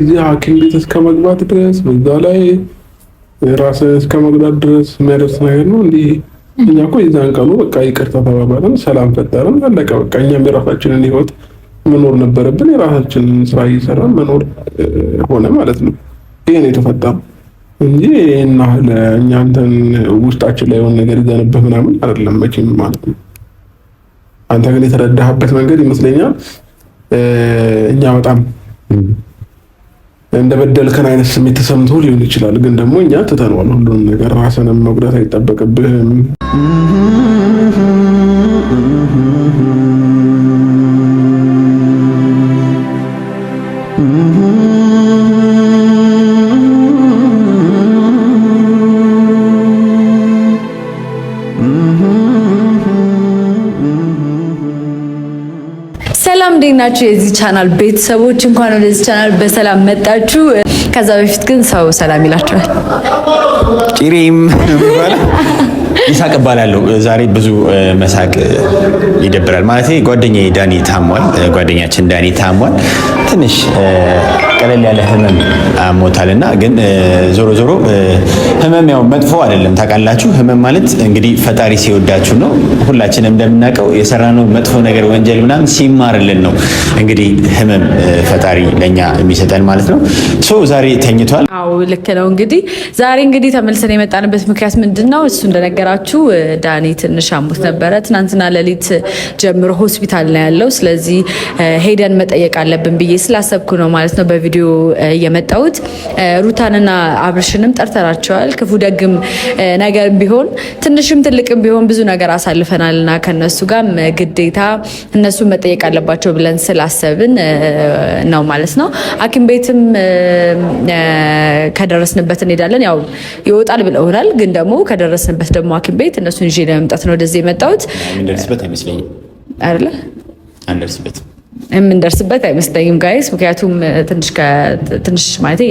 እዚህ ሐኪም ቤት እስከ መግባት ድረስ በዛ ላይ ራስ እስከ መግዳት ድረስ የሚያደርስ ነገር ነው። እንዴ? እኛ እኮ የዛን ቀኑ በቃ ይቅርታ ተባባለን፣ ሰላም ፈጠርን፣ አለቀ በቃ። እኛም የራሳችንን ህይወት መኖር ነበረብን። የራሳችንን ስራ እየሰራን መኖር ሆነ ማለት ነው። ይሄ ነው የተፈጠረው እንጂ እና ለእኛ እንትን ውስጣችን ላይ የሆነ ነገር ይዘንብህ ምናምን አይደለም መቼም ማለት ነው። አንተ ግን የተረዳህበት መንገድ ይመስለኛል እኛ በጣም እንደበደልከን አይነት ስሜት ተሰምቶ ሊሆን ይችላል። ግን ደግሞ እኛ ትተነዋል ሁሉንም ነገር። ራስንም መጉዳት አይጠበቅብህም። ሰላም እንዴት ናችሁ? የዚህ ቻናል ቤተሰቦች እንኳን ወደዚህ ቻናል በሰላም መጣችሁ። ከዛ በፊት ግን ሰው ሰላም ይላችኋል። ጭሬም ይሳቅ እባላለሁ። ዛሬ ብዙ መሳቅ ይደብራል ማለት ጓደኛ ዳኒ ታሟል። ጓደኛችን ዳኒ ታሟል ትንሽ ቀለል ያለ ህመም አሞታልና ግን ዞሮ ዞሮ ህመም ያው መጥፎ አይደለም። ታውቃላችሁ ህመም ማለት እንግዲህ ፈጣሪ ሲወዳችሁ ነው። ሁላችንም እንደምናውቀው የሰራነው መጥፎ ነገር ወንጀል ምናምን ሲማርልን ነው እንግዲህ ህመም ፈጣሪ ለኛ የሚሰጠን ማለት ነው። ሶ ዛሬ ተኝቷል። አዎ ልክ ነው። እንግዲህ ዛሬ እንግዲህ ተመልሰን የመጣንበት ምክንያት ምንድን ነው? እሱ እንደነገራችሁ ዳኒ ትንሽ አሞት ነበረ። ትናንትና ሌሊት ጀምሮ ሆስፒታል ነው ያለው። ስለዚህ ሄደን መጠየቅ አለብን ብዬ ስላሰብኩ ነው ማለት ነው በ ቪዲዮ የመጣሁት ሩታንና አብርሽንም ጠርተናቸዋል። ክፉ ደግም ነገር ቢሆን ትንሽም ትልቅም ቢሆን ብዙ ነገር አሳልፈናል እና ከነሱ ጋር ግዴታ እነሱ መጠየቅ አለባቸው ብለን ስላሰብን ነው ማለት ነው። ሐኪም ቤትም ከደረስንበት እንሄዳለን። ያው ይወጣል ብለውናል፣ ግን ደግሞ ከደረስንበት ደግሞ ሐኪም ቤት እነሱን ይዤ ለመምጣት ነው ወደዚህ የመጣሁት አይደለ የምንደርስበት አይመስለኝም ጋይስ። ምክንያቱም ትንሽ ማለቴ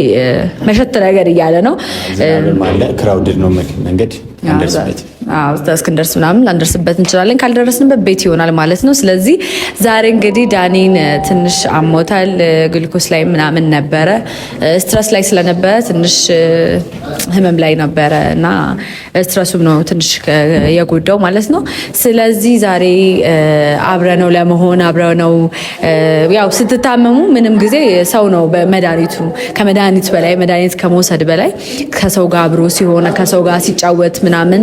መሸት ነገር እያለ ነው። ክራውድድ ነው መንገድ እስክንደርስ ምናምን ላንደርስበት እንችላለን። ካልደረስንበት ቤት ይሆናል ማለት ነው። ስለዚህ ዛሬ እንግዲህ ዳኒን ትንሽ አሞታል። ግልኮስ ላይ ምናምን ነበረ፣ ስትረስ ላይ ስለነበረ ትንሽ ህመም ላይ ነበረ እና ስትረሱም ነው ትንሽ የጎዳው ማለት ነው። ስለዚህ ዛሬ አብረነው ለመሆን አብረነው ያው ስትታመሙ ምንም ጊዜ ሰው ነው መድኃኒቱ ከመድኃኒት በላይ መድኃኒት ከመውሰድ በላይ ከሰው ጋር አብሮ ሲሆነ ከሰው ጋር ሲጫወት ምናምን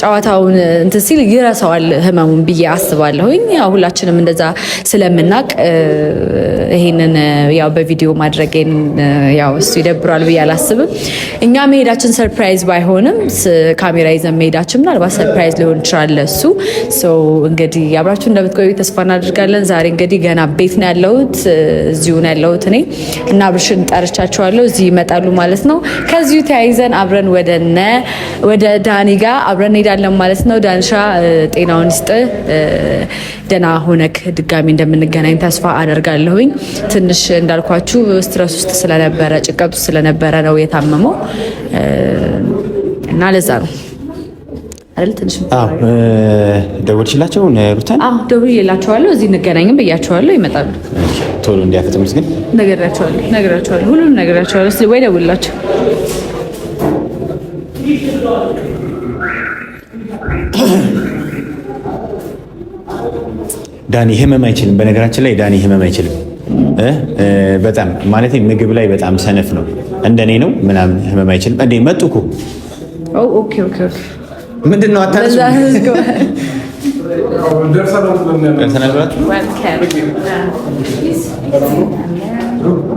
ጨዋታውን እንትን ሲል ይረሳዋል ህመሙን ብዬ አስባለሁኝ። ያው ሁላችንም እንደዛ ስለምናቅ ይሄንን ያው በቪዲዮ ማድረጌን ያው እሱ ይደብሯል ብዬ አላስብም። እኛ መሄዳችን ሰርፕራይዝ ባይሆንም ካሜራ ይዘን መሄዳችን ምናልባት ሰርፕራይዝ ሊሆን ይችላል። እሱ እንግዲህ አብራችሁ እንደምትቆዩ ተስፋ እናደርጋለን። ዛሬ እንግዲህ ገና ቤት ነው ያለሁት፣ እዚሁ ነው ያለሁት እኔ እና ብርሽን ጠርቻቸዋለሁ። እዚህ ይመጣሉ ማለት ነው። ከዚሁ ተያይዘን አብረን ወደ ከዳኒ ጋር አብረን እንሄዳለን ማለት ነው። ዳንሻ ጤናውን ስጥ፣ ደህና ሆነክ ድጋሚ እንደምንገናኝ ተስፋ አደርጋለሁኝ። ትንሽ እንዳልኳችሁ ስትረስ ውስጥ ስለነበረ ጭቀት ውስጥ ስለነበረ ነው የታመመው እና ለዛ ነው አይደል ትንሽ ደውልሽላቸው ሩታን? አዎ ደውዬላቸዋለሁ። እዚህ እንገናኝም ብያቸዋለሁ። ይመጣሉ። ቶሎ እንዲያፈጥሙት ግን ነገራቸዋለሁ፣ ነግራቸዋለሁ። ሁሉንም ነግራቸዋለሁ። ወይ ደውልላቸው። ዳኒ ህመም አይችልም። በነገራችን ላይ ዳኒ ህመም አይችልም። በጣም ማለት ምግብ ላይ በጣም ሰነፍ ነው። እንደኔ ነው ምናምን ህመም አይችልም። እንዴ መጡ እኮ ምንድን ነው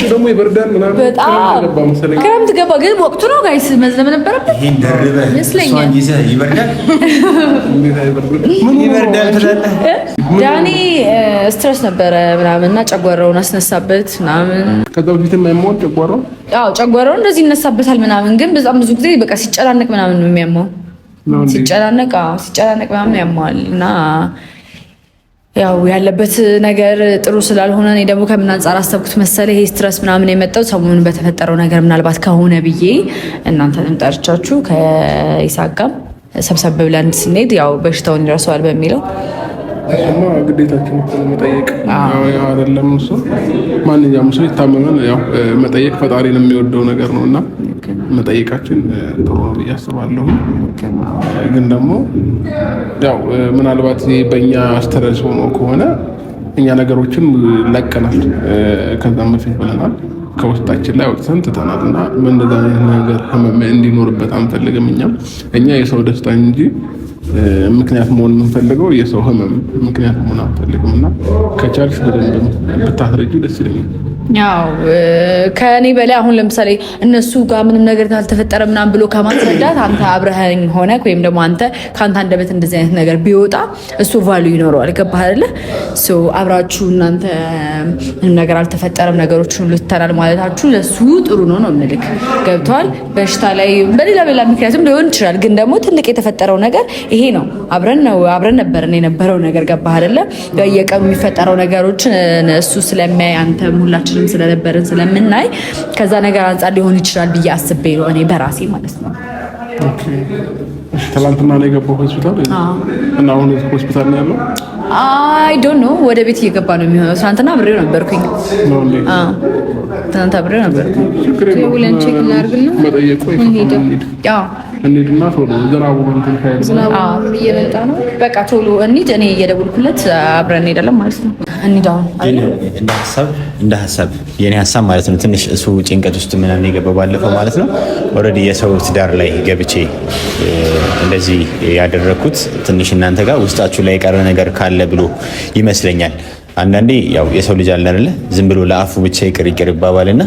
ወቅቱ ደግሞ ይበርዳል ምናምን ክረምት ገባ፣ ግን ወቅቱ ነው ጋይስ መዝለም ነበረበት። ዳኒ ስትረስ ነበረ ምናምን እና ጨጓራውን አስነሳበት ምናምን። ከዛ በፊት የማይመው ጨጓራው አዎ ጨጓራው እንደዚህ ይነሳበታል ምናምን፣ ግን በጣም ብዙ ጊዜ በቃ ሲጨናነቅ ምናምን ነው የሚያመው። ሲጨናነቅ ሲጨናነቅ ምናምን ያመዋል እና ያው ያለበት ነገር ጥሩ ስላልሆነ እኔ ደግሞ ከምን አንጻር አሰብኩት መሰለ ይሄ ስትረስ ምናምን የመጣው ሰሞኑን በተፈጠረው ነገር ምናልባት ከሆነ ብዬ እናንተንም ጠርቻችሁ ከይሳጋም ሰብሰብ ብለን ስንሄድ ያው በሽታውን ይረሰዋል በሚለው እሱማ ግዴታችን መጠየቅ አይደለም። እሱ ማንኛውም ሰው ይታመማል። ያው መጠየቅ ፈጣሪን የሚወደው ነገር ነው እና መጠየቃችን ጥሩ ነው ብዬ አስባለሁ። ግን ደግሞ ያው ምናልባት በእኛ አስተዳጅ ሆኖ ከሆነ እኛ ነገሮችን ለቀናል፣ ከዛም በፊት ብለናል ከውስጣችን ላይ አውጥተን ትተናል እና በእንደዛ አይነት ነገር ህመም እንዲኖርበት አንፈልግም። እኛም እኛ የሰው ደስታ እንጂ ምክንያት መሆን የምንፈልገው የሰው ህመም ምክንያት መሆን አንፈልግም እና ከቻልሽ በደንብ ብታስረጁ ደስ ይለኛል። ያው ከእኔ በላይ አሁን ለምሳሌ እነሱ ጋር ምንም ነገር ካልተፈጠረ ምናምን ብሎ ከማስረዳት አንተ አብረኸኝ ሆነ ወይም ደግሞ አንተ ከአንተ አንደበት እንደዚህ አይነት ነገር ቢወጣ እሱ ቫሉ ይኖረዋል። ገባህ አይደለ? አብራችሁ እናንተ ምንም ነገር አልተፈጠረም ነገሮችን ሁሉ ትተናል ማለታችሁ ለሱ ጥሩ ነው ነው ምልክ ገብተዋል። በሽታ ላይ በሌላ በሌላ ምክንያትም ሊሆን ይችላል፣ ግን ደግሞ ትልቅ የተፈጠረው ነገር ይሄ ነው። አብረን ነው አብረን ነበርን የነበረው ነገር ገባህ አይደለ? በየቀኑ የሚፈጠረው ነገሮች እሱ ስለሚያይ አንተ ሁላችንም ስለነበርን ስለምናይ ከዛ ነገር አንጻር ሊሆን ይችላል ብዬ አስቤ ነው እኔ በራሴ ማለት ነው። ትላንትና ነው የገባው ሆስፒታል እና አሁን ሆስፒታል ነው ያለው። አይ ዶንት ኖ ወደ ቤት እየገባ ነው የሚሆነው። ትናንትና አብሬው ነበርኩኝ። ትናንት አብሬው ነበርኩኝ። እንሂድና ቶሎ ዝናቡ እንትን ካይል እየመጣ ነው። በቃ ቶሎ እንሂድ። እኔ እየደወልኩለት አብረን እንሄዳለን ማለት ነው። እንሂድ እንደ ሀሳብ እንደ ሀሳብ የኔ ሀሳብ ማለት ነው። ትንሽ እሱ ጭንቀት ውስጥ ምናምን የገባ ባለፈው ማለት ነው። ኦልሬዲ የሰው ትዳር ላይ ገብቼ እንደዚህ ያደረኩት ትንሽ እናንተ ጋር ውስጣችሁ ላይ የቀረ ነገር ካለ ብሎ ይመስለኛል። አንዳንዴ ያው የሰው ልጅ አለ አይደለ? ዝም ብሎ ለአፉ ብቻ ይቅርቅር ይባባልና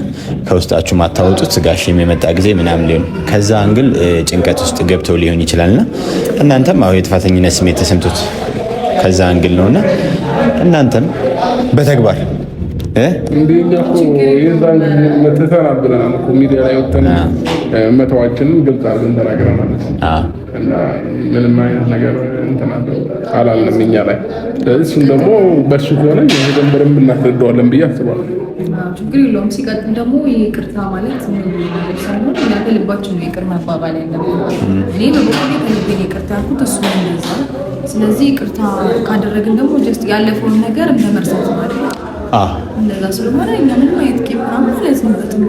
ከውስጣችሁ ማታወጡት ጋሽ የመጣ ጊዜ ምናምን ሊሆን ከዛ አንግል ጭንቀት ውስጥ ገብተው ሊሆን ይችላልና እናንተም አሁን የጥፋተኝነት ስሜት ተሰምቶት ከዛ አንግል ነውና እናንተም በተግባር መተዋችንን ግልጽ አድርገን አይነት ነገር እንትን ደግሞ በእሱ ከሆነ በደንብ ብዬ አስባለሁ። ችግር የለውም። ሲቀጥል ደግሞ ይቅርታ ማለት ሳይሆን እናንተ ነው ይቅር መባባል ያለብን። እኔ በቦታ ከልቤን ይቅርታ ያልኩት እሱ ነው። ስለዚህ ይቅርታ ካደረግን ደግሞ ጀስት ያለፈውን ነገር እንደመርሳት ማለት ነው እንደዛ ስለሆነ እኛ ምንም አይነት ኬፕ ምናምን አልያዝንበትም።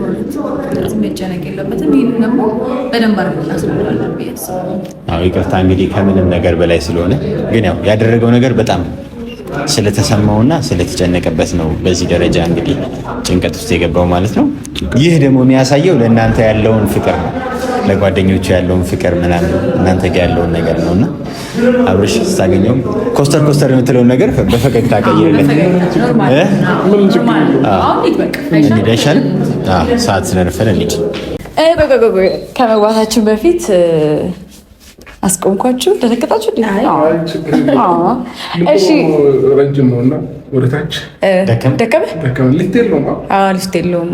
መጨነቅ የለበትም። ይህንን ደግሞ በደንብ አድርገን እናስረዳለን ይቅርታ እንግዲህ ከምንም ነገር በላይ ስለሆነ ግን ያው ያደረገው ነገር በጣም ስለተሰማውና ስለተጨነቀበት ነው በዚህ ደረጃ እንግዲህ ጭንቀት ውስጥ የገባው ማለት ነው። ይህ ደግሞ የሚያሳየው ለእናንተ ያለውን ፍቅር ነው። ለጓደኞቹ ያለውን ፍቅር ምናምን እናንተ ጋር ያለውን ነገር ነው እና አብርሽ ስታገኘውም ኮስተር ኮስተር የምትለውን ነገር በፈገግታ ቀይርለት። ሰዓት ስለነፈለ ከመግባታችን በፊት አስቆምኳችሁ። ደነገጣችሁ? ረጅም ነውና ሊፍት የለውም።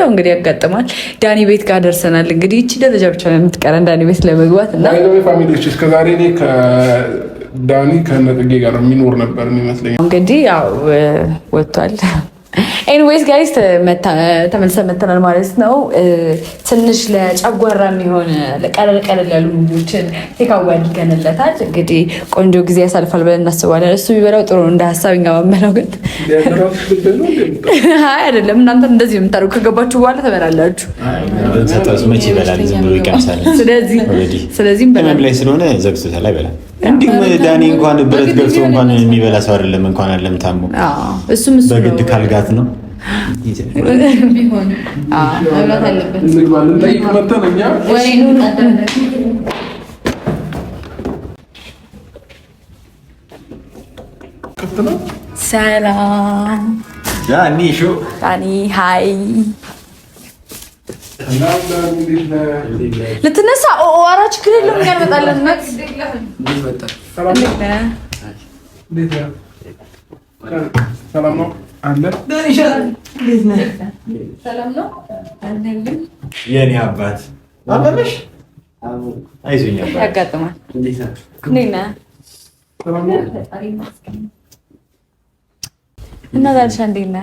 ያው እንግዲህ ያጋጥማል። ዳኒ ቤት ጋር ደርሰናል። እንግዲህ ይቺ ደረጃ ብቻ ነው የምትቀረን ዳኒ ቤት ለመግባት እና ፋሚሊዎች እስከዛሬ እኔ ከዳኒ ከነጥጌ ጋር የሚኖር ነበር የሚመስለኝ። እንግዲህ ያው ወጥቷል ኤንዌይስ ጋይስ ተመልሰን መተናል ማለት ነው። ትንሽ ለጨጓራ የሚሆን ቀለል ቀለል ያሉ ምግቦችን ቴካዋ አድርገንለታል። እንግዲህ ቆንጆ ጊዜ ያሳልፋል ብለን እናስባለን። እሱ ቢበላው ጥሩ እንደ ሀሳብ እኛ ማመነው ግን አይደለም። እናንተ እንደዚህ የምታደርጉ ከገባችሁ በኋላ ተበላላችሁ። ስለዚህ ስለዚህ ላይ ስለሆነ ዘግቶ ላይ በላል እንዲሁም ዳኒ እንኳን ብረት ገብቶ እንኳን የሚበላ ሰው አይደለም። እንኳን አለም ታሞ እሱም እሱ በግድ ካልጋት ነው ሰላም ዳኒ ሹ ዳኒ ሀይ ልትነሳ ኧረ ችግር የለም እኛ እንመጣለን። የኔ አባት አበበሽ አይዞኝ ያጋጥማል። እና ዛልሻ እንዴት ነህ?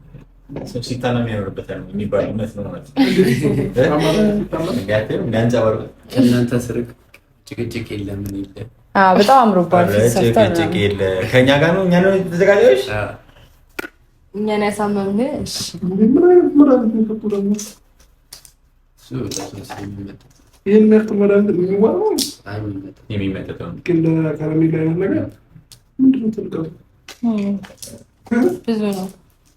ስም ሲታለም ያኖርበታል የሚባል እውነት ነው ማለት ነው። ከእናንተ ስርቅ ጭቅጭቅ የለም የለ በጣም አምሮባል። የለ ከእኛ ጋር ነው። እኛ ነው ተዘጋጆች እኛን ያሳመምን ይህን ያክል መድኃኒት የሚዋ የሚመጠጠው ግን ከረሜላ አይነት ነገር ምንድነው? ነው? ብዙ ነው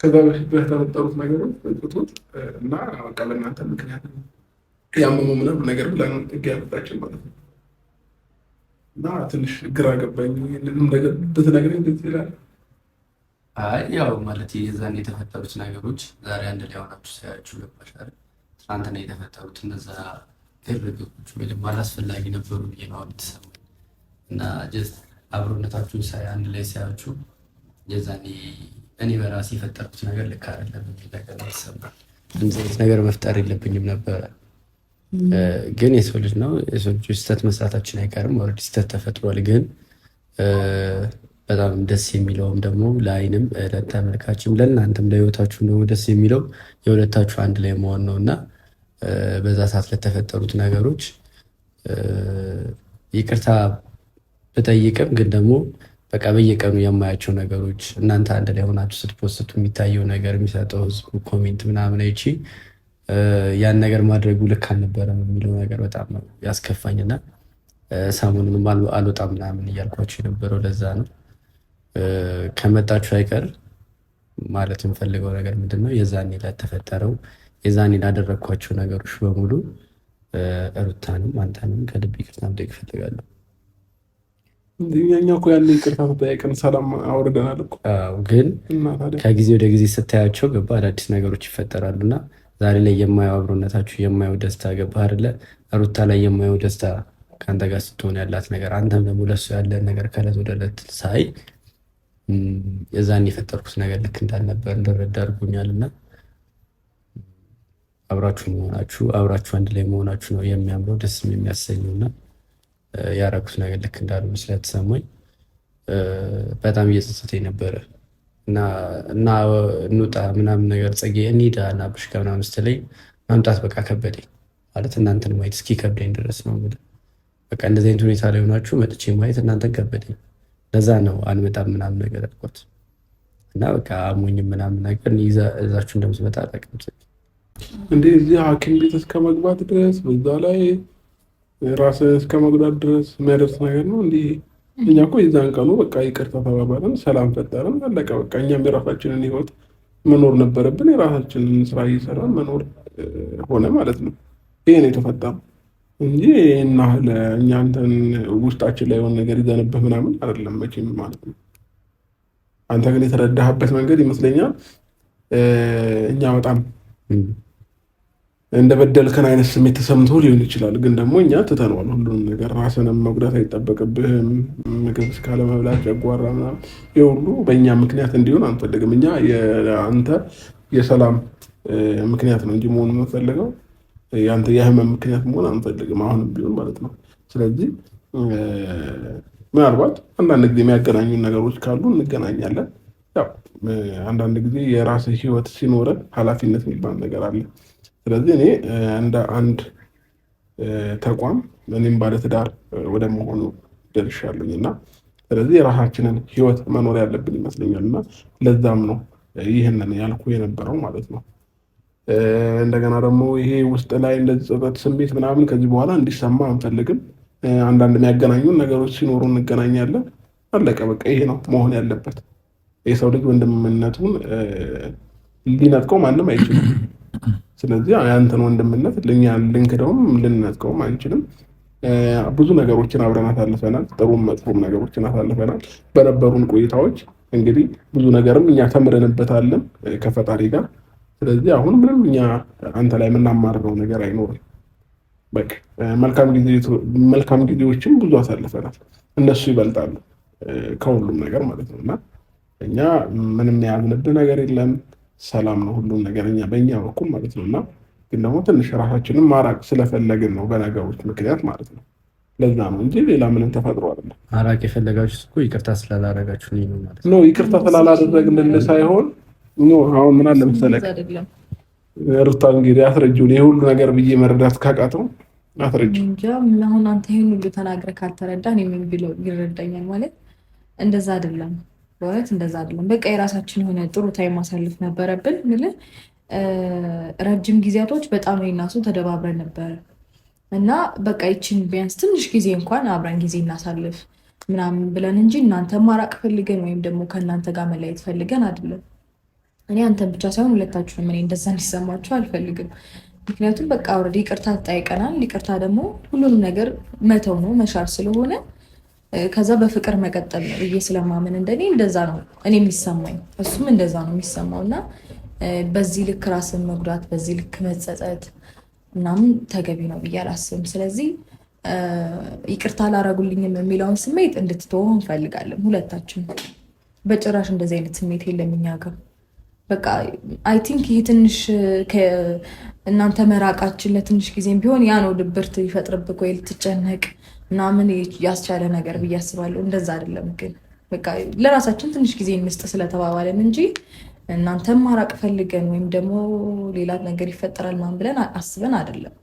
ከዛ በፊት በተፈጠሩት ነገሮች በጡቶች እና በቃ ለእናንተ ምክንያት ያመሙ ምናምን ነገር ብላን ጥግ ያመጣችን ማለት ነው። እና ትንሽ ግራ ገባኝ። ብትነግረኝ ደስ ይላል። አይ ያው ማለት የዛን የተፈጠሩት ነገሮች ዛሬ አንድ ላይ ሆናችሁ ሳያችሁ ገባሻል። ትናንትና የተፈጠሩት እነዛ ግርግሮች ወይም አላስፈላጊ ነበሩ ብዬ ነው ተሰማኝ። እና ጀስት አብሮነታችሁን ሳይ አንድ ላይ ሳያችሁ የዛኔ እኔ በራሴ የፈጠርኩት ነገር ልክ አይደለም ነገር ይሰማል። እንደዚህ አይነት ነገር መፍጠር የለብኝም ነበረ። ግን የሰው ልጅ ነው የሰው ልጅ ስህተት መስራታችን አይቀርም። ኦልሬዲ ስህተት ተፈጥሯል። ግን በጣም ደስ የሚለውም ደግሞ ለአይንም ለተመልካችም ለእናንተም ለህይወታችሁም ደግሞ ደስ የሚለው የሁለታችሁ አንድ ላይ መሆን ነው እና በዛ ሰዓት ለተፈጠሩት ነገሮች ይቅርታ ብጠይቅም ግን ደግሞ በቃ በየቀኑ የማያቸው ነገሮች እናንተ አንድ ላይ ሆናችሁ ስትፖስቱ የሚታየው ነገር የሚሰጠው ህዝቡ ኮሜንት ምናምን ይቺ ያን ነገር ማድረጉ ልክ አልነበረም የሚለው ነገር በጣም ነው ያስከፋኝና ሰሞኑንም አልወጣም ምናምን እያልኳቸው የነበረው ለዛ ነው። ከመጣችሁ አይቀር ማለት የምፈልገው ነገር ምንድን ነው የዛኔ ለተፈጠረው የዛኔ ላደረግኳቸው ነገሮች በሙሉ እሩታንም አንተንም ከልብ ይቅርታ ልጠይቅ እፈልጋለሁ። እኛ እኮ ያለ ይቅርታ ተጠያይቀን ሰላም አውርደናል እኮ። ግን ከጊዜ ወደ ጊዜ ስታያቸው ገባ አዳዲስ ነገሮች ይፈጠራሉ ይፈጠራሉና ዛሬ ላይ የማየው አብሮነታችሁ የማየው ደስታ ገባ አይደለ? ሩታ ላይ የማየው ደስታ ከአንተ ጋር ስትሆን ያላት ነገር፣ አንተም ደግሞ ለሱ ያለ ነገር ከዕለት ወደ ዕለት ሳይ የዛን የፈጠርኩት ነገር ልክ እንዳልነበር እንድረዳ አድርጎኛልና አብራችሁ መሆናችሁ አብራችሁ አንድ ላይ መሆናችሁ ነው የሚያምረው ደስ የሚያሰኘውና ያረኩት ነገር ልክ እንዳልሆነ ስለተሰማኝ በጣም እየጸጸተኝ ነበረ እና እና እንውጣ ምናምን ነገር ጽጌ እንሂድ እና ብሽ ምናምን ስትለኝ መምጣት በቃ ከበደኝ። ማለት እናንተን ማየት እስኪ ከብደኝ ድረስ ነው የምልህ። በቃ እንደዚህ አይነት ሁኔታ ላይ ሆናችሁ መጥቼ ማየት እናንተን ከበደኝ። ለዛ ነው አልመጣም ምናምን ነገር አልኳት እና በቃ አሞኝም ምናምን ነገር እዛችሁ እንደምትመጣ አላውቅም። እንዴ እዚህ ሐኪም ቤት እስከ መግባት ድረስ በዛ ላይ ራስ እስከ መጉዳት ድረስ የሚያደርስ ነገር ነው። እንዲህ እኛ እኮ የዛን ቀኑ በቃ ይቅርታ ተባባለን፣ ሰላም ፈጠረን፣ አለቀ በቃ። እኛም የራሳችንን ህይወት መኖር ነበረብን። የራሳችንን ስራ እየሰራን መኖር ሆነ ማለት ነው። ይሄ ነው የተፈጠረው እንጂ እና ለእኛ አንተን ውስጣችን ላይ የሆነ ነገር ይዘንብህ ምናምን አይደለም መቼም ማለት ነው። አንተ ግን የተረዳህበት መንገድ ይመስለኛል እኛ በጣም እንደበደልከን አይነት ስሜት ተሰምቶ ሊሆን ይችላል። ግን ደግሞ እኛ ትተነዋል ሁሉንም ነገር። ራስንም መጉዳት አይጠበቅብህም። ምግብ እስካለ መብላት ጨጓራ ምናምን ይህ ሁሉ በእኛ ምክንያት እንዲሆን አንፈልግም። እኛ አንተ የሰላም ምክንያት ነው እንጂ መሆን የምንፈልገው ያንተ የህመም ምክንያት መሆን አንፈልግም፣ አሁንም ቢሆን ማለት ነው። ስለዚህ ምናልባት አንዳንድ ጊዜ የሚያገናኙ ነገሮች ካሉ እንገናኛለን። ያው አንዳንድ ጊዜ የራስህ ህይወት ሲኖረን ኃላፊነት የሚባል ነገር አለ ስለዚህ እኔ እንደ አንድ ተቋም እኔም ባለትዳር ወደ መሆኑ ደርሻለኝ እና ስለዚህ የራሳችንን ህይወት መኖር ያለብን ይመስለኛል እና ለዛም ነው ይህንን ያልኩ የነበረው ማለት ነው። እንደገና ደግሞ ይሄ ውስጥ ላይ እንደዚህ ጸጸት ስሜት ምናምን ከዚህ በኋላ እንዲሰማ አንፈልግም። አንዳንድ የሚያገናኙን ነገሮች ሲኖሩ እንገናኛለን። አለቀ በቃ ይሄ ነው መሆን ያለበት። የሰው ልጅ ወንድምነቱን ሊነጥቀው ማንም አይችልም። ስለዚህ ያንተን ወንድምነት ልኛ ልንክደውም ልንነጥቀውም አንችልም። ብዙ ነገሮችን አብረን አሳልፈናል። ጥሩም መጥፎም ነገሮችን አሳልፈናል። በነበሩን ቆይታዎች እንግዲህ ብዙ ነገርም እኛ ተምረንበታለን ከፈጣሪ ጋር። ስለዚህ አሁን ምንም እኛ አንተ ላይ የምናማርረው ነገር አይኖርም። በቃ መልካም ጊዜዎችም ብዙ አሳልፈናል። እነሱ ይበልጣሉ ከሁሉም ነገር ማለት ነው እና እኛ ምንም የያዝንብህ ነገር የለም። ሰላም ነው ሁሉም ነገርኛ በእኛ በኩል ማለት ነው። እና ግን ደግሞ ትንሽ ራሳችንን ማራቅ ስለፈለግን ነው በነገሮች ምክንያት ማለት ነው። ለዛ ነው እንጂ ሌላ ምንም ተፈጥሮ አይደለም። ማራቅ የፈለጋችሁ እኮ ይቅርታ ስላላረጋችሁ ነው ማለት ነው። ይቅርታ ስላላደረግን ሳይሆን አሁን ምን አለ መሰለህ ሩታ እንግዲህ አስረጅውን ይህ ሁሉ ነገር ብዬ መረዳት ካቃተው አስረጅው አሁን አንተ ይህን ሁሉ ተናግረህ ካልተረዳ እኔ ምን ቢለው ይረዳኛል ማለት እንደዛ አይደለም። በእውነት እንደዛ አይደለም። በቃ የራሳችን የሆነ ጥሩ ታይም ማሳለፍ ነበረብን። ምልህ ረጅም ጊዜያቶች በጣም እናሱ ተደባብረን ነበር እና በቃ ይችን ቢያንስ ትንሽ ጊዜ እንኳን አብረን ጊዜ እናሳልፍ ምናምን ብለን እንጂ እናንተ ማራቅ ፈልገን ወይም ደግሞ ከእናንተ ጋር መለየት ፈልገን አይደለም። እኔ አንተን ብቻ ሳይሆን ሁለታችሁንም እኔ እንደዛ እንዲሰማችሁ አልፈልግም። ምክንያቱም በቃ ኦልሬዲ ይቅርታ ትጠይቀናል። ይቅርታ ደግሞ ሁሉንም ነገር መተው ነው መሻር ስለሆነ ከዛ በፍቅር መቀጠል ነው ብዬ ስለማምን እንደኔ እንደዛ ነው እኔ የሚሰማኝ፣ እሱም እንደዛ ነው የሚሰማው እና በዚህ ልክ ራስን መጉዳት፣ በዚህ ልክ መጸጸት ምናምን ተገቢ ነው ብዬ አላስብም። ስለዚህ ይቅርታ አላረጉልኝም የሚለውን ስሜት እንድትተወ እንፈልጋለን ሁለታችን። በጭራሽ እንደዚህ አይነት ስሜት የለም እኛ ጋር። በቃ አይ ቲንክ ይህ ትንሽ እናንተ መራቃችን ለትንሽ ጊዜም ቢሆን ያ ነው ድብርት ይፈጥርብክ ወይ ልትጨነቅ ምናምን ያስቻለ ነገር ብዬ አስባለሁ። እንደዛ አይደለም ግን በቃ ለራሳችን ትንሽ ጊዜ እንስጥ ስለተባባለን እንጂ እናንተም ማራቅ ፈልገን ወይም ደግሞ ሌላ ነገር ይፈጠራል ማን ብለን አስበን አይደለም።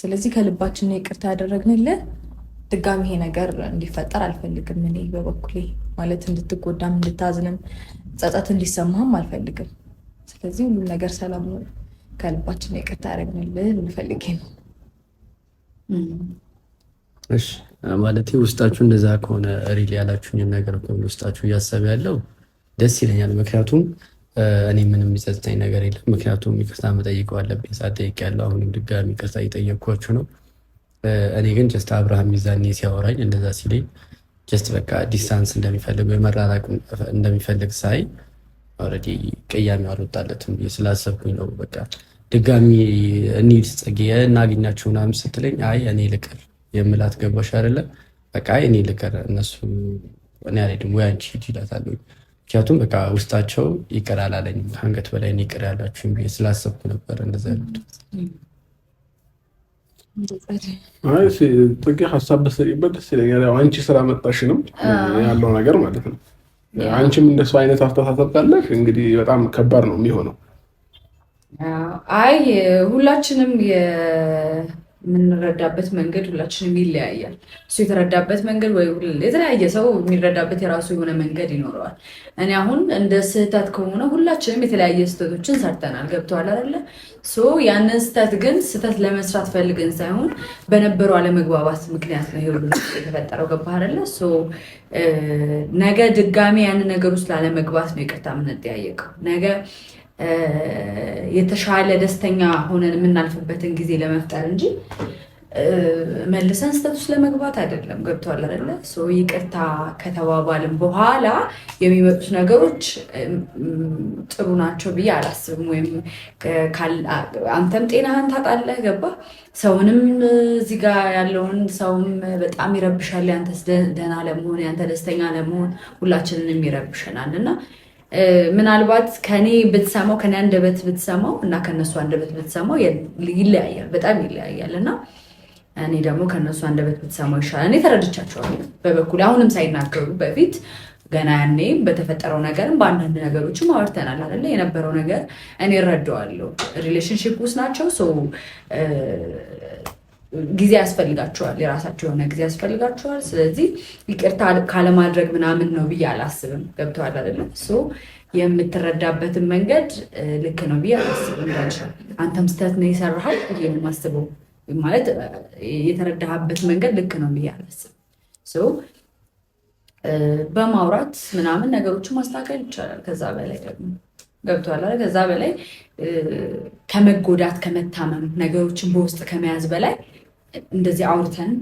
ስለዚህ ከልባችን ይቅርታ ያደረግንልህ ድጋሚ ይሄ ነገር እንዲፈጠር አልፈልግም። እኔ በበኩሌ ማለት እንድትጎዳም እንድታዝንም ጸጸት እንዲሰማህም አልፈልግም። ስለዚህ ሁሉም ነገር ሰላም ከልባችን ይቅርታ ያደረግንልህ እንፈልግ ነው። እሺ ማለት ውስጣችሁ እንደዛ ከሆነ ሪል ያላችሁኝ ነገር ከሆነ ውስጣችሁ እያሰበ ያለው ደስ ይለኛል። ምክንያቱም እኔ ምንም የሚጸጥተኝ ነገር የለም። ምክንያቱም ይቅርታ መጠይቀው አለብኝ ሳጠይቅ ያለው አሁንም ድጋሚ ይቅርታ እየጠየቅኳችሁ ነው። እኔ ግን ጀስት አብርሃም ይዛኔ ሲያወራኝ እንደዛ ሲለኝ ጀስት በቃ ዲስታንስ እንደሚፈልግ ወይ መራራቅ እንደሚፈልግ ሳይ ኦልሬዲ ቅያሜ አልወጣለትም ስላሰብኩኝ ነው። በቃ ድጋሚ እኒድ ጸጌ እናገኛችሁ ምናምን ስትለኝ አይ እኔ ልቅር የምላት ገባሽ አይደለ? በቃ እኔ ልቀር እነሱ እኔ አልሄድም ወይ አንቺ ሂጂ እላታለሁ። ምክንያቱም በቃ ውስጣቸው ይቅር አላለኝ ከአንገት በላይ እኔ ይቅር ያላችሁ ብዬ ስላሰብኩ ነበር እንደዚ ያሉት። ጥቂ ሀሳብ በሰሪበት ደስ ይለኛል። አንቺ ስራ ስላመጣሽንም ያለው ነገር ማለት ነው። አንቺም እንደሱ አይነት አስተሳሰብ ካለሽ እንግዲህ በጣም ከባድ ነው የሚሆነው። አይ ሁላችንም የምንረዳበት መንገድ ሁላችንም ይለያያል። እሱ የተረዳበት መንገድ ወይ የተለያየ ሰው የሚረዳበት የራሱ የሆነ መንገድ ይኖረዋል። እኔ አሁን እንደ ስህተት ከሆነ ሁላችንም የተለያየ ስህተቶችን ሰርተናል። ገብተዋል አይደለ? ያንን ስህተት ግን ስህተት ለመስራት ፈልገን ሳይሆን በነበረው አለመግባባት ምክንያት ነው ይሄ የተፈጠረው። ገባህ አይደለ? ነገ ድጋሜ ያንን ነገር ውስጥ ላለመግባት ነው ይቅርታ የምንጠያየቀው ነገ የተሻለ ደስተኛ ሆነን የምናልፍበትን ጊዜ ለመፍጠር እንጂ መልሰን ስተቱስ ለመግባት አይደለም። ገብቷል አይደለ? ይቅርታ ከተባባልን በኋላ የሚመጡት ነገሮች ጥሩ ናቸው ብዬ አላስብም። ወይም አንተም ጤናህን ታጣለህ። ገባ? ሰውንም እዚህ ጋ ያለውን ሰውም በጣም ይረብሻል። ያንተ ደህና ለመሆን ያንተ ደስተኛ ለመሆን ሁላችንንም ይረብሸናል እና ምናልባት ከኔ ብትሰማው ከኔ አንደበት ብትሰማው እና ከነሱ አንደበት ብትሰማው ይለያያል፣ በጣም ይለያያል። እና እኔ ደግሞ ከነሱ አንደበት ብትሰማው ይሻላል። እኔ ተረድቻቸዋለሁ በበኩል አሁንም ሳይናገሩ በፊት ገና ያኔ በተፈጠረው ነገርም በአንዳንድ ነገሮችም አወርተናል አይደለ? የነበረው ነገር እኔ እረዳዋለሁ። ሪሌሽንሽፕ ውስጥ ናቸው ጊዜ ያስፈልጋቸዋል። የራሳቸው የሆነ ጊዜ ያስፈልጋቸዋል። ስለዚህ ይቅርታ ካለማድረግ ምናምን ነው ብዬ አላስብም። ገብተዋል አይደለም? የምትረዳበትን መንገድ ልክ ነው ብዬ አላስብም። አንተም ስህተት ነው የሰራሃል የማስበው ማለት የተረዳህበት መንገድ ልክ ነው ብዬ አላስብም። በማውራት ምናምን ነገሮችን ማስተካከል ይቻላል። ከዛ በላይ ደግሞ ገብቷል። ከዛ በላይ ከመጎዳት ከመታመም ነገሮችን በውስጥ ከመያዝ በላይ እንደዚህ አውርተን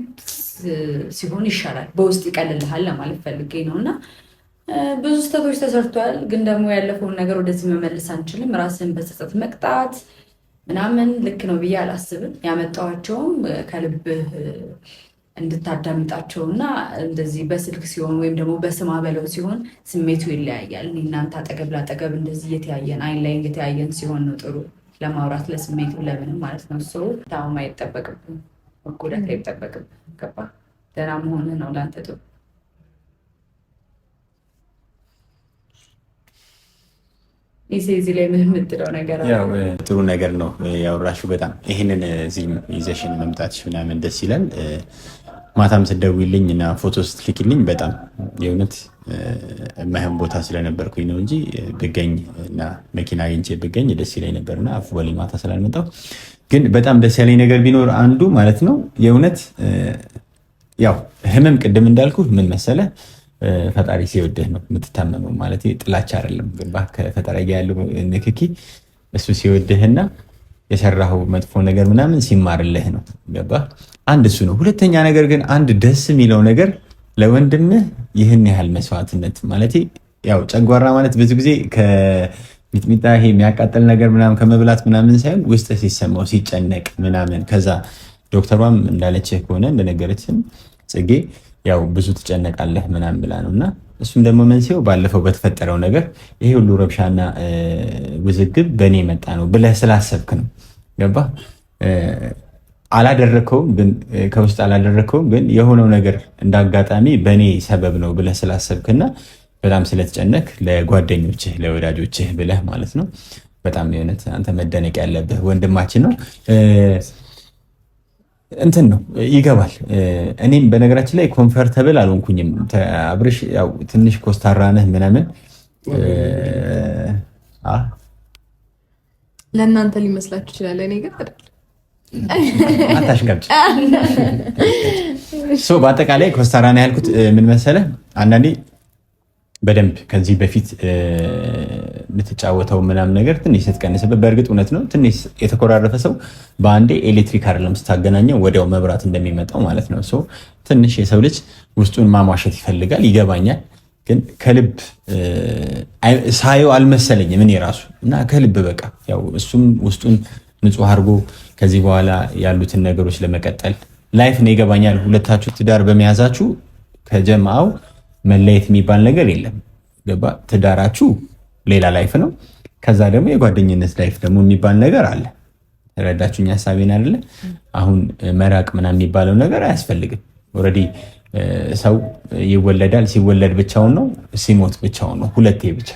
ሲሆን ይሻላል፣ በውስጥ ይቀልልሃል ለማለት ፈልጌ ነው እና ብዙ ስህተቶች ተሰርቷል። ግን ደግሞ ያለፈውን ነገር ወደዚህ መመለስ አንችልም። ራስን በጸጸት መቅጣት ምናምን ልክ ነው ብዬ አላስብም። ያመጣኋቸውም ከልብህ እንድታዳምጣቸው እና እንደዚህ በስልክ ሲሆን ወይም ደግሞ በስማ በለው ሲሆን ስሜቱ ይለያያል። እናንተ አጠገብ ላጠገብ እንደዚህ እየተያየን አይን ላይ እየተያየን ሲሆን ነው ጥሩ ለማውራት ለስሜቱ ለምንም ማለት ነው ሰው ታማ አይጠበቅብም። መጎዳት አይጠበቅም። ገባ ደህና መሆንህ ነው ለአንተ ጥሩ። እዚህ ላይ ምን የምትለው ነገር ጥሩ ነገር ነው ያወራሹ። በጣም ይህንን እዚህ ይዘሽን መምጣትሽ ምናምን ደስ ይላል። ማታም ስደውልኝ እና ፎቶ ስትልክልኝ በጣም የእውነት የማይሆን ቦታ ስለነበርኩኝ ነው እንጂ ብገኝ እና መኪና አግኝቼ ብገኝ ደስ ይለኝ ነበርና አፉ በላይ ማታ ስላልመጣው ግን በጣም ደስ ያለኝ ነገር ቢኖር አንዱ ማለት ነው የእውነት ያው ህመም፣ ቅድም እንዳልኩ ምን መሰለ ፈጣሪ ሲወድህ ነው የምትታመመው። ማለት ጥላቻ አይደለም፣ ግን ከፈጣሪ ጋር ያለው ንክኪ እሱ ሲወድህና የሰራው መጥፎ ነገር ምናምን ሲማርልህ ነው። ገባ አንድ እሱ ነው። ሁለተኛ ነገር ግን አንድ ደስ የሚለው ነገር ለወንድምህ ይህን ያህል መስዋዕትነት ማለት ያው ጨጓራ ማለት ብዙ ጊዜ ሚጥሚጣ ይሄ የሚያቃጥል ነገር ምናምን ከመብላት ምናምን ሳይሆን ውስጥ ሲሰማው ሲጨነቅ ምናምን ከዛ ዶክተሯም እንዳለችህ ከሆነ እንደነገረችም ጽጌ ያው ብዙ ትጨነቃለህ ምናምን ብላ ነው እና እሱም ደግሞ መንስኤው ባለፈው በተፈጠረው ነገር ይሄ ሁሉ ረብሻና ውዝግብ በእኔ መጣ ነው ብለህ ስላሰብክ ነው። ገባ አላደረግከውም፣ ግን ከውስጥ አላደረግከውም፣ ግን የሆነው ነገር እንዳጋጣሚ በእኔ ሰበብ ነው ብለህ ስላሰብክና በጣም ስለተጨነክ ለጓደኞችህ ለወዳጆችህ ብለህ ማለት ነው። በጣም የእውነት አንተ መደነቅ ያለብህ ወንድማችን ነው። እንትን ነው ይገባል። እኔም በነገራችን ላይ ኮንፈርተብል አልሆንኩኝም። አብርሽ ትንሽ ኮስታራ ነህ ምናምን ለእናንተ ሊመስላችሁ ይችላል። እኔ ግን አታሽቀብጭ። በአጠቃላይ ኮስታራ ነው ያልኩት ምን መሰለህ አንዳንዴ በደንብ ከዚህ በፊት የምትጫወተው ምናምን ነገር ትንሽ ስትቀንስበት፣ በእርግጥ እውነት ነው። ትንሽ የተኮራረፈ ሰው በአንዴ ኤሌክትሪክ አይደለም ስታገናኘው ወዲያው መብራት እንደሚመጣው ማለት ነው። ትንሽ የሰው ልጅ ውስጡን ማሟሸት ይፈልጋል፣ ይገባኛል። ግን ከልብ ሳየው አልመሰለኝም እኔ ራሱ እና ከልብ በቃ ያው እሱም ውስጡን ንጹህ አድርጎ ከዚህ በኋላ ያሉትን ነገሮች ለመቀጠል ላይፍ ነው። ይገባኛል። ሁለታችሁ ትዳር በመያዛችሁ ከጀማው መለየት የሚባል ነገር የለም። ገባ ትዳራችሁ ሌላ ላይፍ ነው። ከዛ ደግሞ የጓደኝነት ላይፍ ደግሞ የሚባል ነገር አለ። ረዳችሁኝ ሀሳቤን አይደለ? አሁን መራቅ ምናምን የሚባለው ነገር አያስፈልግም። ኦልሬዲ ሰው ይወለዳል። ሲወለድ ብቻውን ነው፣ ሲሞት ብቻውን ነው። ሁለቴ ብቻ።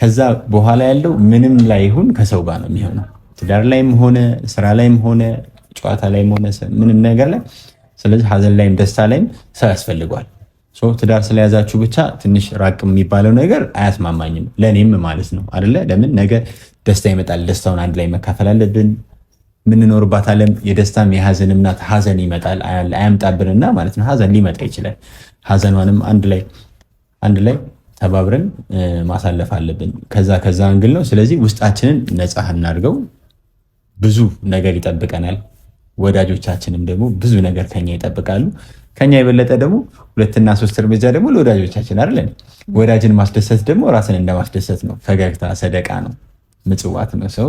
ከዛ በኋላ ያለው ምንም ላይ ይሁን ከሰው ጋር ነው የሚሆነው። ትዳር ላይም ሆነ ስራ ላይም ሆነ ጨዋታ ላይም ሆነ ምንም ነገር ላይ። ስለዚህ ሀዘን ላይም ደስታ ላይም ሰው ያስፈልገዋል። ትዳር ስለያዛችሁ ብቻ ትንሽ ራቅ የሚባለው ነገር አያስማማኝም፣ ለእኔም ማለት ነው አደለ? ለምን ነገ ደስታ ይመጣል። ደስታውን አንድ ላይ መካፈል አለብን። የምንኖርባት ዓለም የደስታም የሀዘንም ሀዘን ይመጣል አያምጣብንና ማለት ነው። ሀዘን ሊመጣ ይችላል። ሀዘኗንም አንድ ላይ አንድ ላይ ተባብረን ማሳለፍ አለብን። ከዛ ከዛ አንግል ነው። ስለዚህ ውስጣችንን ነፃ እናድርገው። ብዙ ነገር ይጠብቀናል። ወዳጆቻችንም ደግሞ ብዙ ነገር ከኛ ይጠብቃሉ። ከኛ የበለጠ ደግሞ ሁለትና ሶስት እርምጃ ደግሞ ለወዳጆቻችን አይደለን። ወዳጅን ማስደሰት ደግሞ ራስን እንደማስደሰት ነው። ፈገግታ ሰደቃ ነው፣ ምጽዋት ነው ሰው።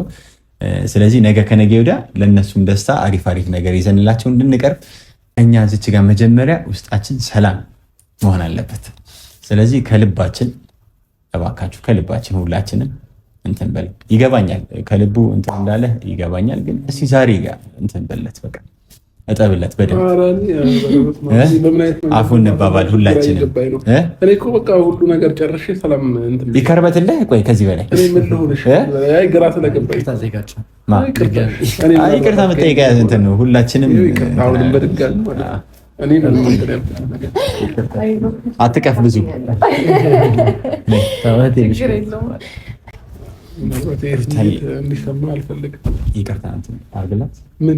ስለዚህ ነገ ከነገ ወዲያ ለእነሱም ደስታ አሪፍ አሪፍ ነገር ይዘንላቸው እንድንቀርብ እኛ ዝች ጋር መጀመሪያ ውስጣችን ሰላም መሆን አለበት። ስለዚህ ከልባችን እባካችሁ ከልባችን ሁላችንም እንትን በል ይገባኛል፣ ከልቡ እንትን እንዳለ ይገባኛል። ግን እስኪ ዛሬ ጋር እንትን በለት በቃ እጠብለት በደምብ አፉን እንባባል። ሁላችንም ይከርበትልህ። ቆይ ከዚህ በላይ ይቅርታ መጠየቂያ እንትን ነው። ሁላችንም አትቀፍ ብዙ ይቅርታ አርግላት ምን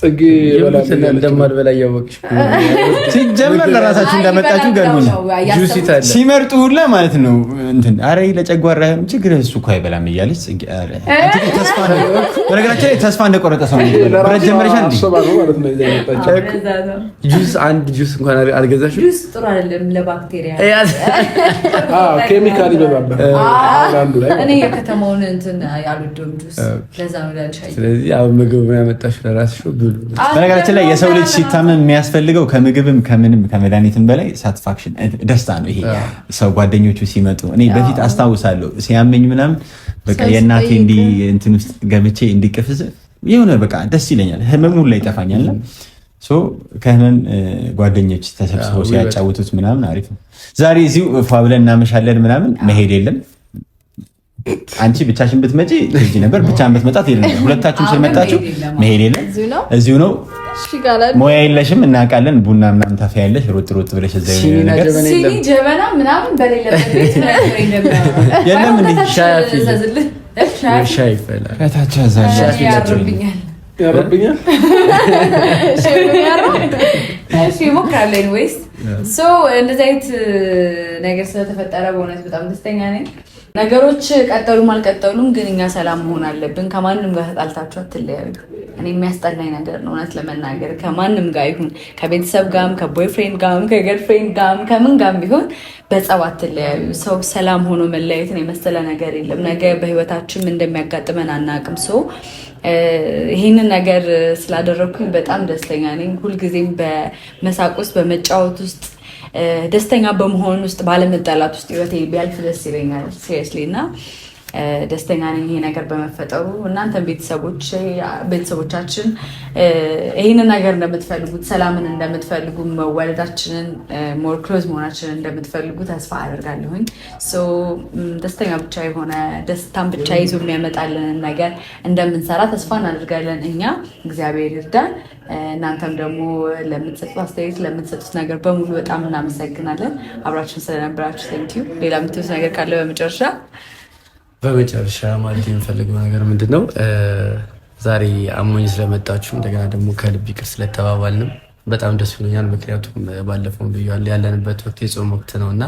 ጽጌ በላይ እያወቅሽ ሲጀመር ለራሳችሁ እንዳመጣችሁ ገርሞኛል። ሲመርጡ ሁላ ማለት ነው እንትን አረ ለጨጓራ ችግር እሱ እኮ አይበላም እያለች በነገራችን ላይ ተስፋ እንደቆረጠ ሰው ጁስ አንድ ጁስ እንኳን አልገዛሽም። የከተማውን እንትን አልወደውም ጁስ። ለዛ ነው ስለዚህ አሁን ምግብ ያመጣሽ ለራስሽ በነገራችን ላይ የሰው ልጅ ሲታመም የሚያስፈልገው ከምግብም ከምንም ከመድኃኒትም በላይ ሳትስፋክሽን ደስታ ነው። ይሄ ሰው ጓደኞቹ ሲመጡ እኔ በፊት አስታውሳለሁ ሲያመኝ ምናምን በቃ የእናቴ እንዲ እንትን ውስጥ ገብቼ እንዲቅፍዝ የሆነ በቃ ደስ ይለኛል፣ ህመሙ ላይ ይጠፋኛል። ከህመም ጓደኞች ተሰብስበው ሲያጫውቱት ምናምን አሪፍ ነው። ዛሬ እዚሁ ፏ ብለን እናመሻለን ምናምን መሄድ የለም አንቺ ብቻሽን ብትመጪ እዚህ ነበር፣ ብቻን ብትመጣት የለም። ሁለታችሁም ስለመጣችሁ መሄድ የለም፣ እዚሁ ነው። ሙያ የለሽም እናውቃለን። ቡና ምናምን ታፈያለሽ፣ ሮጥ ሮጥ ብለሽ እዛ ሲኒ ጀበና ምናምን በሌለበት ነገር ስለተፈጠረ በእውነት በጣም ደስተኛ ነኝ። ነገሮች ቀጠሉም አልቀጠሉም ግን እኛ ሰላም መሆን አለብን። ከማንም ጋር ተጣልታችሁ አትለያዩ። እኔ የሚያስጠላኝ ነገር ነው እውነት ለመናገር ከማንም ጋር ይሁን ከቤተሰብ ጋርም ከቦይፍሬንድ ጋርም ከገርፍሬንድ ጋርም ከምን ጋርም ቢሆን በጸብ አትለያዩ። ሰው ሰላም ሆኖ መለያየትን የመሰለ ነገር የለም። ነገ በህይወታችን እንደሚያጋጥመን አናውቅም። ሰው ይህንን ነገር ስላደረግኩኝ በጣም ደስተኛ ነኝ። ሁልጊዜም በመሳቅ ውስጥ በመጫወት ውስጥ ደስተኛ በመሆን ውስጥ ባለመጣላት ውስጥ ህይወቴ ቢያልፍ ደስ ይለኛል ሲሪየስሊ እና ደስተኛ ነኝ ይሄ ነገር በመፈጠሩ። እናንተም ቤተሰቦቻችን ይህንን ነገር እንደምትፈልጉት፣ ሰላምን እንደምትፈልጉ፣ መወለዳችንን ሞር ክሎዝ መሆናችንን እንደምትፈልጉ ተስፋ አደርጋለሁኝ። ደስተኛ ብቻ የሆነ ደስታን ብቻ ይዞ የሚያመጣልንን ነገር እንደምንሰራ ተስፋ እናደርጋለን። እኛ እግዚአብሔር ይርዳን። እናንተም ደግሞ ለምትሰጡት አስተያየት ለምትሰጡት ነገር በሙሉ በጣም እናመሰግናለን። አብራችሁን ስለነበራችሁ ቴንኪዩ። ሌላ የምትሉት ነገር ካለ በመጨረሻ በመጨረሻ ማለት የምፈልገው ነገር ምንድን ነው፣ ዛሬ አሞኝ ስለመጣችሁ እንደገና ደግሞ ከልብ ይቅር ስለተባባልንም በጣም ደስ ብሎኛል። ምክንያቱም ባለፈው ብያዋል ያለንበት ወቅት የጾም ወቅት ነው እና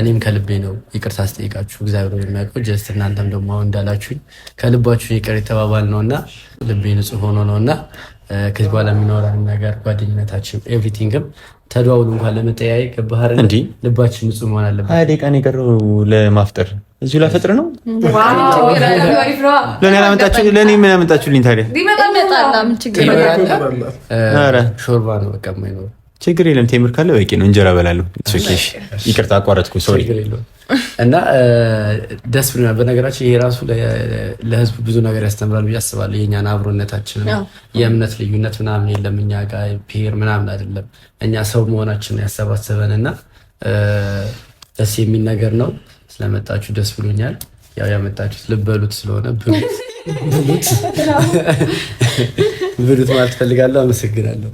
እኔም ከልቤ ነው ይቅርታ አስጠይቃችሁ እግዚአብሔር የሚያውቀው ጀስት እናንተም ደግሞ አሁን እንዳላችሁኝ ከልባችሁ ይቅር የተባባል ነው እና ልቤ ንጹህ ሆኖ ነው እና ከዚህ በኋላ የሚኖረን ነገር ጓደኝነታችን፣ ኤቭሪቲንግም ተደዋውሉ እንኳን ለመጠያየቅ ባህር ልባችን ንጹህ መሆን አለበት። ሀያ ደቂቃ ነው የቀረው ለማፍጠር እዚሁ ላፈጥር ነው። ለእኔ አላመጣችሁ ለእኔ ምን ያመጣችሁልኝ ታዲያ? ሾርባ ችግር የለም። ቴምር ካለ በቂ ነው። እንጀራ በላለሁ። ይቅርታ አቋረጥኩ። ሶሪ እና ደስ ብሎኛል። በነገራችን ይሄ ራሱ ለህዝቡ ብዙ ነገር ያስተምራል ብዬ አስባለሁ። የእኛን አብሮነታችንን የእምነት ልዩነት ምናምን የለም እኛ ጋር ብሔር ምናምን አይደለም። እኛ ሰው መሆናችንን ያሰባሰበን እና ደስ የሚል ነገር ነው። ስለመጣችሁ ደስ ብሎኛል። ያው ያመጣችሁት ልበሉት ስለሆነ ብሉት ብሉት ማለት ፈልጋለሁ። አመሰግናለሁ።